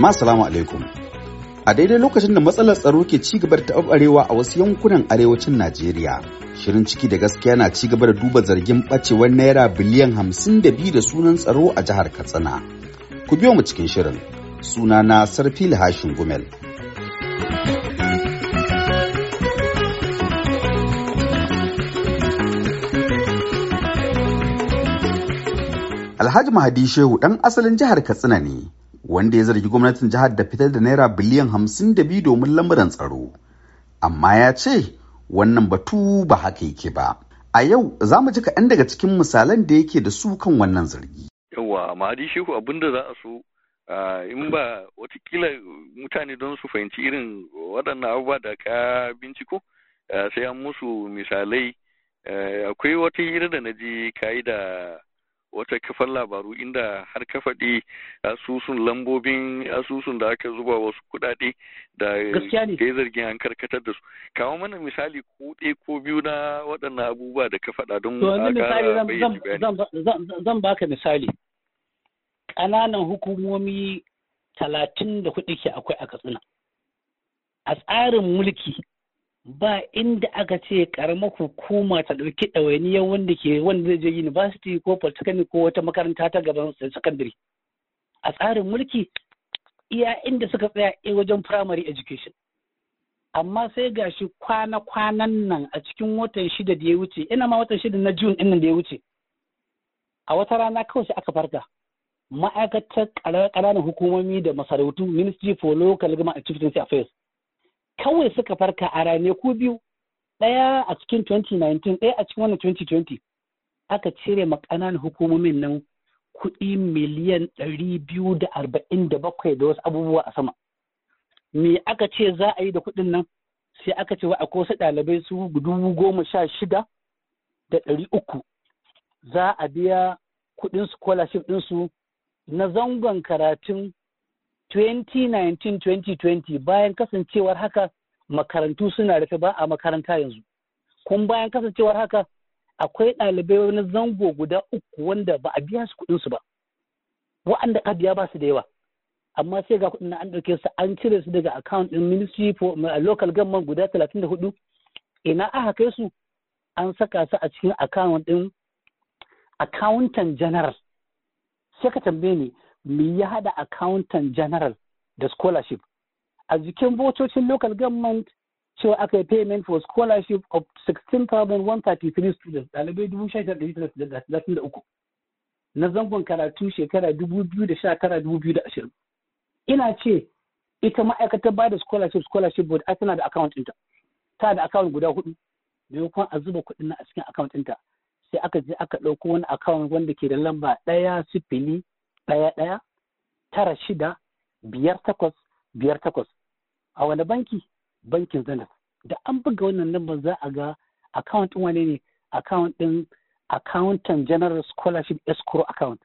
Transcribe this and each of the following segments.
Jama'a salamu alaikum. A daidai lokacin da matsalar tsaro ke ci gaba da taɓarewa a wasu yankunan arewacin Najeriya, shirin ciki da gaskiya na ci gaba da duba zargin ɓacewar naira biliyan hamsin da biyu da sunan tsaro a jihar Katsina. Ku biyo mu cikin shirin. suna na Sarfi Hashin Gumel. Alhaji Mahadi Shehu ɗan asalin jihar Katsina ne, wanda ya zargi gwamnatin jihar da fitar da naira biliyan hamsin da domin lamuran tsaro amma ya ce wannan batu ba haka yake ba a yau za mu ji kaɗan daga cikin misalan da yake da su kan wannan zargi yawa mahadi shehu abin da za a so in ba watakila mutane don su fahimci irin waɗannan abubuwa da ka binciko sai an musu misalai akwai wata hira da na ji yi da wata kafar labaru inda har ka faɗi asusun lambobin asusun da aka zuba wasu kuɗaɗe da ya zargin an karkatar da su kawo mana misali ko ɗaya ko biyu na waɗannan abubuwa da ka faɗa don zan baka misali ƙananan hukumomi talatin da kuɗi ke akwai a katsina a tsarin mulki ba inda aka ce karamar hukuma ta ɗauki ɗawainiyar wanda ke wanda zai je university ko polytechnic ko wata makaranta ta gaban secondary a tsarin mulki iya inda suka tsaya a wajen primary education amma sai gashi kwana-kwanan nan a cikin watan shida da ya wuce ina ma watan shida na june ɗin da ya wuce a wata rana kawai sai aka farka ma'aikatar ƙananan hukumomi da masarautu ministry for local government and chieftaincy affairs kawai suka farka a rane ko biyu ɗaya a cikin 2019 ɗaya a cikin wannan 2020 aka cire ma hukumomin nan kuɗi miliyan 247 da wasu abubuwa a sama me aka ce za a yi da kuɗin nan sai aka ce wa a kosa ɗalibai su dubu goma sha shida da ɗari uku za a biya kuɗin scholarship ɗinsu na zangon karatun 2019-2020 bayan kasancewar haka makarantu suna rufe ba a makaranta yanzu kun bayan kasancewar haka akwai ɗalibai wani zango guda uku wanda ba a biya su kuɗinsu ba wa'anda ka biya ba su da yawa amma sai ga kuɗin na an ɗauke su an cire su daga account ɗin ministry for uh, local government guda talatin da hudu? ina aka kai su an saka su a cikin account ɗin accountant general sai ka tambaye ni me ya hada akawuntan general da scholarship a jikin votocin local government cewa aka yi payment for scholarship of 16,133 students ɗalibai 16,133 na zangon karatu shekara 2019-2020 ina ce ita ma'aikatar ba da scholarship scholarship board a tana da account ɗinta ta da account guda hudu maimakon a zuba kuɗin na a cikin account ɗinta sai aka je aka ɗauko wani account wanda ke da lamba ɗaya sifili ɗaya ɗaya tara shida biyar takwas biyar takwas a wani banki bankin zenith da an buga wannan lambar za a ga account ɗin wani ne account ɗin accountant general scholarship escrow account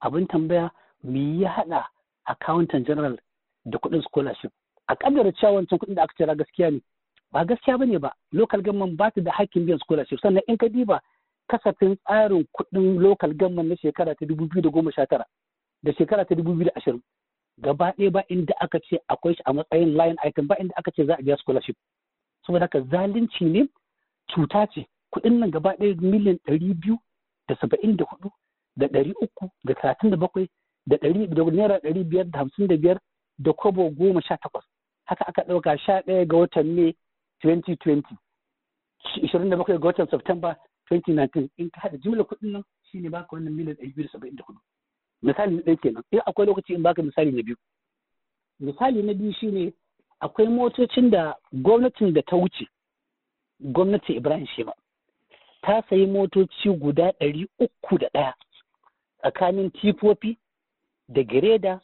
abin tambaya me ya haɗa accountant general da kuɗin scholarship a kaddara cewa wancan kuɗin da aka cira gaskiya ne ba gaskiya ba ne ba local government ba ta da hakkin biyan scholarship sannan in ka diba kasafin tsarin kuɗin local government na shekara ta 2019 da shekara ta 2020 gaba ɗaya ba inda aka ce akwai shi a matsayin line item ba inda aka ce za a biya scholarship saboda haka zalunci ne cuta ce kuɗin nan gaba ɗaya miliyan ɗari biyu da saba'in da hudu da ɗari uku da talatin da bakwai da ɗari da naira ɗari biyar da hamsin da biyar da kobo goma sha takwas haka aka ɗauka sha ɗaya ga watan mai 2020 ishirin da bakwai ga watan Septemba 2019 in ka haɗa jimla kuɗin nan shine baka wannan miliyan ɗari biyu da saba'in da hudu misali na ɗaya kenan in eh, akwai lokaci in baka misali na biyu misali na biyu shine akwai motocin da gwamnatin da ta wuce gwamnati ibrahim shema ta sayi motoci guda ɗari uku da ɗaya tsakanin tifofi da gireda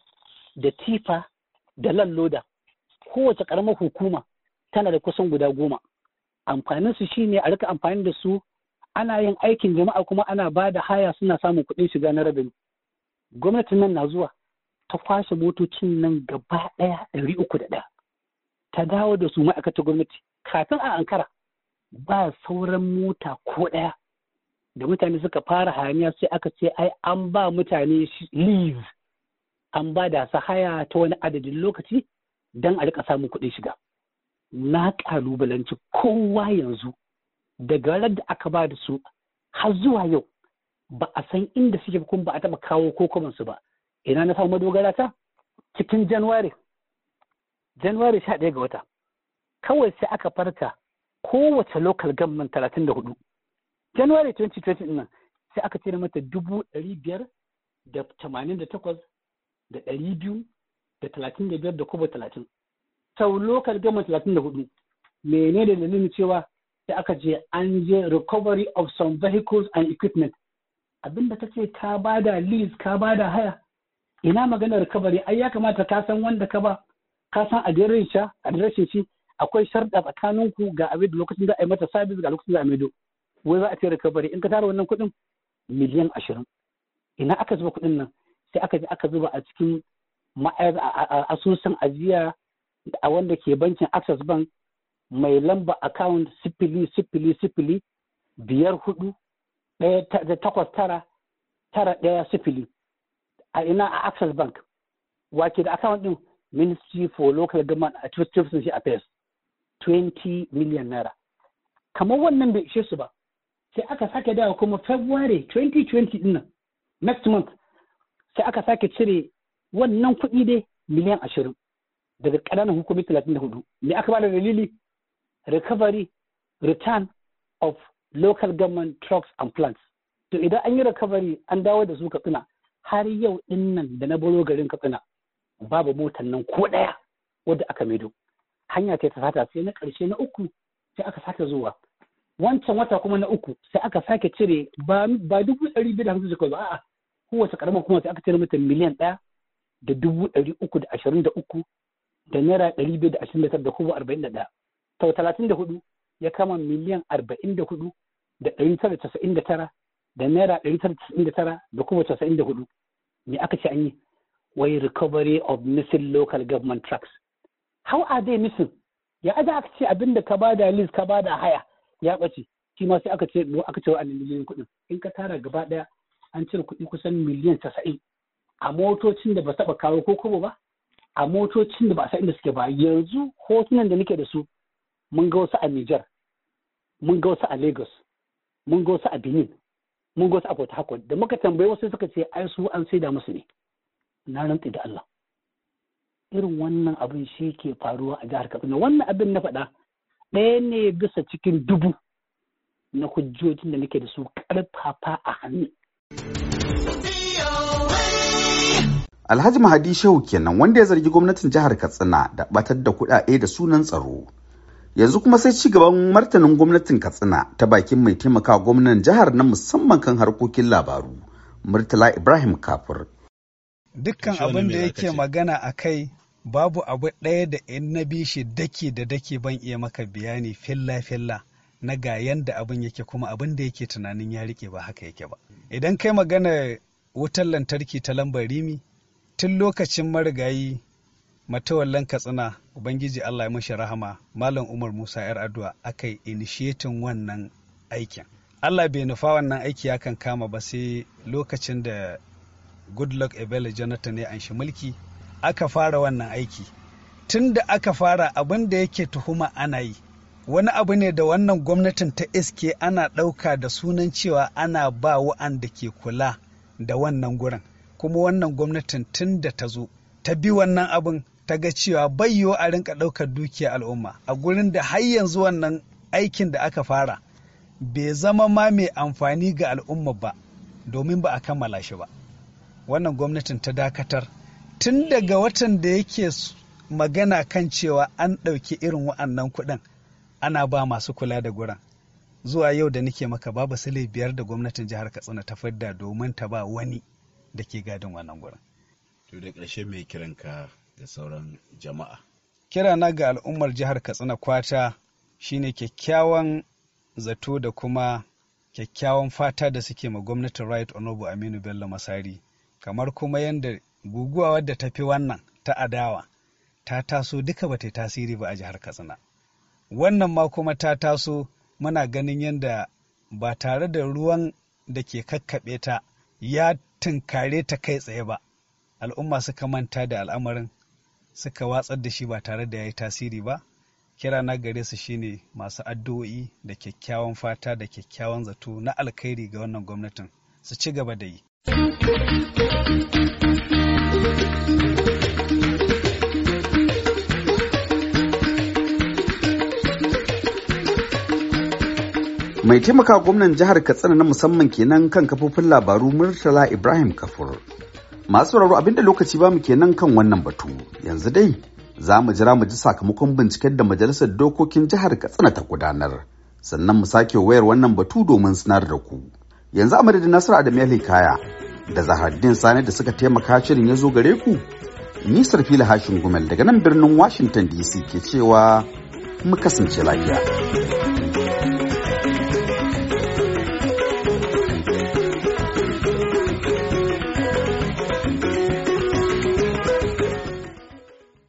da tifa da lalloda kowace ƙaramar hukuma tana da kusan guda goma amfanin su shine a rika amfani da su ana yin aikin jama'a kuma ana ba da haya suna samun kuɗin shiga na rabin gwamnatin nan na zuwa ta kwashe motocin nan gaba ɗaya ɗari uku da ɗaya ta dawo da su ma'aikatar gwamnati kafin a ankara ba sauran mota ko ɗaya da mutane suka fara hayaniya sai aka ce ai an ba mutane leave an ba da su haya ta wani adadin lokaci don a rika samun kuɗin shiga na ƙalubalanci kowa yanzu daga da aka ba da su har zuwa yau ba a san inda suke kuma ba a taba kawo ko su ba ina na samu madogara ta cikin januwari januwari sha ɗaya ga wata kawai sai aka farka kowace local government 34. januwari 2020 nan sai aka cire mata dubu da da kuma sau local government 34, da hudu menene dalilin cewa sai aka je an je recovery of some vehicles and equipment Abin da ta ce ka bada lease ka bada haya ina maganar kabari ai ya kamata ka san wanda ka ba ka san adireshin sha adireshin shi akwai sharda tsakanin ku ga abin da lokacin da a yi mata sabis ga lokacin da a maido wai za a ce recovery in ka tara wannan kuɗin miliyan ashirin ina aka zuba kuɗin nan sai aka je aka zuba a cikin asusun ajiya a wanda ke bankin access bank mai lamba account sifili sifili sifili biyar hudu ɗaya da takwas tara tara ɗaya sifili a ina a access bank wake da account ɗin ministry for local government a affairs 20 million naira kamar wannan bai ishe su ba sai aka sake dawo kuma february 2020 din next month sai aka sake cire wannan kuɗi dai miliyan ashirin daga ƙananan hukumi talatin da hudu me aka bada dalili recovery return of local government trucks and plants to idan an yi recovery an dawo da su katsina har yau din nan da na baro garin katsina babu motar nan ko ɗaya wadda aka maido hanya ta sata sai na ƙarshe na uku sai aka sake zuwa wancan wata kuma na uku sai aka sake cire ba dubu ɗari biyu da hamsin suka zo a'a kowace karama kuma sai aka cire mata miliyan ɗaya da dubu ɗari uku da ashirin da uku da naira ɗari biyu da ashirin da tara da kuma arba'in da ɗaya sau talatin da hudu ya kama miliyan arba'in da hudu da ɗari tara casa'in da tara da naira ɗari tara casa'in da tara da kuma casa'in da hudu me aka ce an yi wai recovery of missing local government tracks how are they missing ya aza aka ce abinda ka ba da lis ka ba da haya ya ɓace shi ma sai aka ce mu aka ce wa miliyan kuɗin in ka tara gaba ɗaya an cire kuɗi kusan miliyan casa'in a motocin da ba taɓa kawo ko kobo ba a motocin da ba a sa inda suke ba yanzu hotunan da nake da su mun ga wasu a Nijar mun ga wasu a Lagos mun ga wasu a Benin mun ga wasu a Port Harcourt da muka tambayi wasu suka ce ai su an saida musu ne na rantsi da Allah irin wannan abin shi ke faruwa a jihar Katsina wannan abin na faɗa ɗaya ne bisa cikin dubu na hujjojin da nake da su ƙarfafa a hannu. Alhaji Mahadi Shehu kenan wanda ya zargi gwamnatin jihar Katsina da batar da kuɗaɗe da sunan tsaro. yanzu kuma sai ci gaban martanin gwamnatin katsina ta bakin mai taimaka gwamnan jihar na musamman kan harkokin labaru murtala ibrahim kafur dukkan abin da yake magana a kai babu abu ɗaya da in na bi shi dake da dake ban iya maka bayani filla filla na ga yanda abin yake kuma abin da yake tunanin ya rike ba haka yake ba idan kai magana wutar lantarki ta lambar rimi tun lokacin marigayi matawallan katsina ubangiji allah ya mashi rahama malam umar musa yar addu'a akai initiating inishiyetin wannan aikin allah bai nufa wannan aiki ya kan kama ba sai lokacin da goodluck ebele jonathan ya anshi mulki aka fara wannan aiki tun da aka fara abin da yake tuhuma ana yi wani abu ne da wannan gwamnatin ta iske ana ɗauka da sunan cewa ana ba wa'anda ke kula da wannan gurin kuma wannan gwamnatin tun ta zo ta bi wannan abin ta ga cewa bai yiwu a rinka ɗaukar dukiya al'umma a gurin da har yanzu wannan aikin da aka fara bai zama ma mai amfani ga al'umma ba domin ba a kammala shi ba wannan gwamnatin ta dakatar tun daga watan da yake magana kan cewa an ɗauki irin wa'annan kuɗin ana ba masu kula da guran zuwa yau da nike maka babu sili biyar da gwamnatin jihar katsina ta fidda domin ta ba wani da ke gadin wannan gurin to da ƙarshe mai ka da sauran jama'a. Kirana ga al'ummar jihar Katsina kwata shine kyakkyawan zato da kuma kyakkyawan fata da suke ma gwamnatin Right Honorable Aminu Bello Masari kamar kuma yadda guguwa wadda ta fi wannan ta adawa ta taso duka ba ta tasiri ba a jihar Katsina. Wannan ma kuma ta taso muna ganin yadda ba tare da ruwan da ke kakkaɓe ta ya tunkare ta kai tsaye ba al'umma suka manta da al'amarin suka watsar da shi ba tare da ya yi tasiri ba kira na gare su shine masu addu'o'i da kyakkyawan fata da kyakkyawan zato na alkhairi ga wannan gwamnatin su ci gaba da yi mai taimaka gwamnan jihar katsina na musamman kenan kan kafofin labaru murtala ibrahim kafur masu sauraro abinda lokaci ba mu nan kan wannan batu yanzu dai za mu jira mu ji sakamakon binciken da majalisar dokokin jihar katsina ta gudanar sannan mu sake wayar wannan batu domin sanar da ku yanzu a madadin nasiru adam ya kaya da zahardin sani da suka taimaka shirin ya zo gare ku Ni sarfila hashin gumel daga nan birnin washington dc ke cewa mu kasance lafiya